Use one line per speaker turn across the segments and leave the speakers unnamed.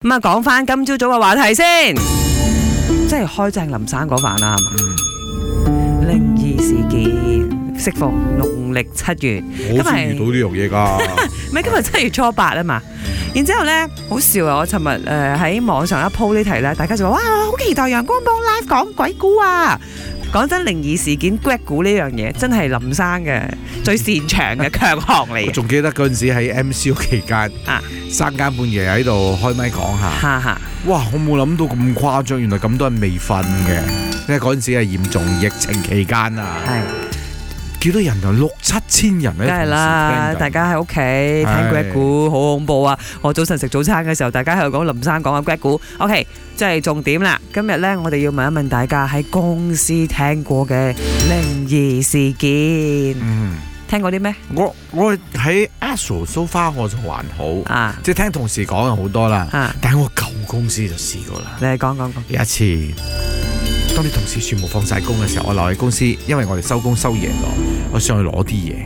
咁啊，講翻今朝早嘅話題先，即係開正林山嗰晚啊，靈異事件，適逢農曆七月，今日遇到呢樣嘢噶，咪今日七月初八啊嘛，然之後咧好笑啊，我尋日誒喺網上一鋪呢題咧，大家就話哇，好期待陽光幫 live 講鬼故啊。講真，靈異事件骨股呢樣嘢，真係林生嘅最擅長嘅強
項嚟。 我仲記得嗰陣時喺 M C O 期間啊，三更半夜喺度開咪講下，哈哈，哇！我冇諗到咁誇張，原來咁多人未瞓，嘅，因為嗰陣時係嚴重疫情期間啊。幾多人有六七千人咩？梗係啦，大
家喺屋企聽鬼故，是好恐怖啊！我早晨食早餐嘅時候，大家喺度講林生講下鬼故，OK，即係重點啦。今日咧，我哋要問一問大家喺公司聽過嘅靈異事件，嗯、聽過啲咩？我 RO,、so、far,
我喺 ASRO so far 我就還好啊，即係聽同事講啊，好多啦。但係我舊公司就試過啦。你講講講一次。當啲同事全部放晒工嘅時候，我留喺公司，因為我哋收工收嘢咯。我上去攞啲嘢，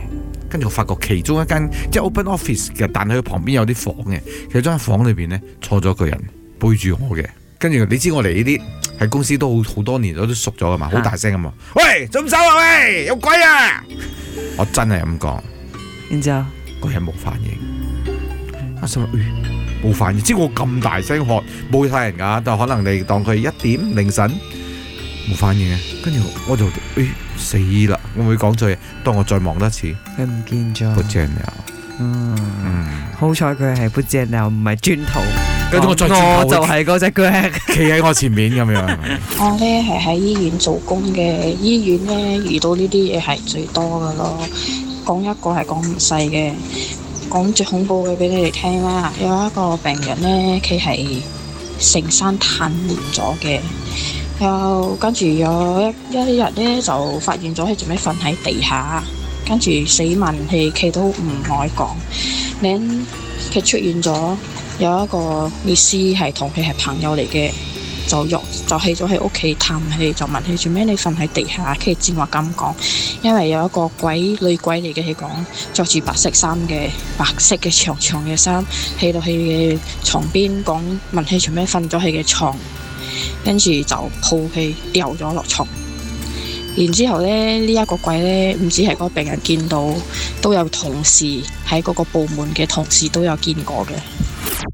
跟住我發覺其中一間即係 open office 嘅，但係佢旁邊有啲房嘅，其實有間房裏邊咧坐咗個人背住我嘅。跟住你知我哋呢啲喺公司都好好多年，都熟咗噶嘛，好大聲嘛。
的喂，仲唔走啊？喂，有鬼啊！
我真係咁講。然之後，個人冇反應。阿叔，冇反應，知我咁大聲喝，冇晒人噶，但可能你當佢一點凌晨。冇反應嘅，跟住我，我就誒、哎、死啦！我唔會講咗嘢，當、嗯、我再望多次，佢唔見咗。布景牛，嗯，
好彩佢係布景牛，唔係磚頭。跟住、嗯、我再，我就係嗰隻腳企喺我前面咁樣。
我咧係喺醫院做工嘅，醫院咧遇到呢啲嘢係最多噶咯。講一個係講唔細嘅，講最恐怖嘅俾你哋聽啦。有一個病人咧，佢係成身癱瘓咗嘅。有跟住有一一日咧，就發現咗佢做咩瞓喺地下，跟住死問佢，佢都唔愛講。然後佢出現咗，有一個女士係同佢係朋友嚟嘅，就入就去咗佢屋企探佢，就問佢做咩你瞓喺地下，佢只話咁講，因為有一個鬼女鬼嚟嘅，佢講着住白色衫嘅白色嘅長長嘅衫，喺到佢嘅床邊講問佢做咩瞓咗喺佢嘅床。跟住就抱起掉咗落床，然之後咧，呢一個鬼咧唔止係嗰個病人見到，都有同事喺嗰個部門嘅同事都有見過嘅。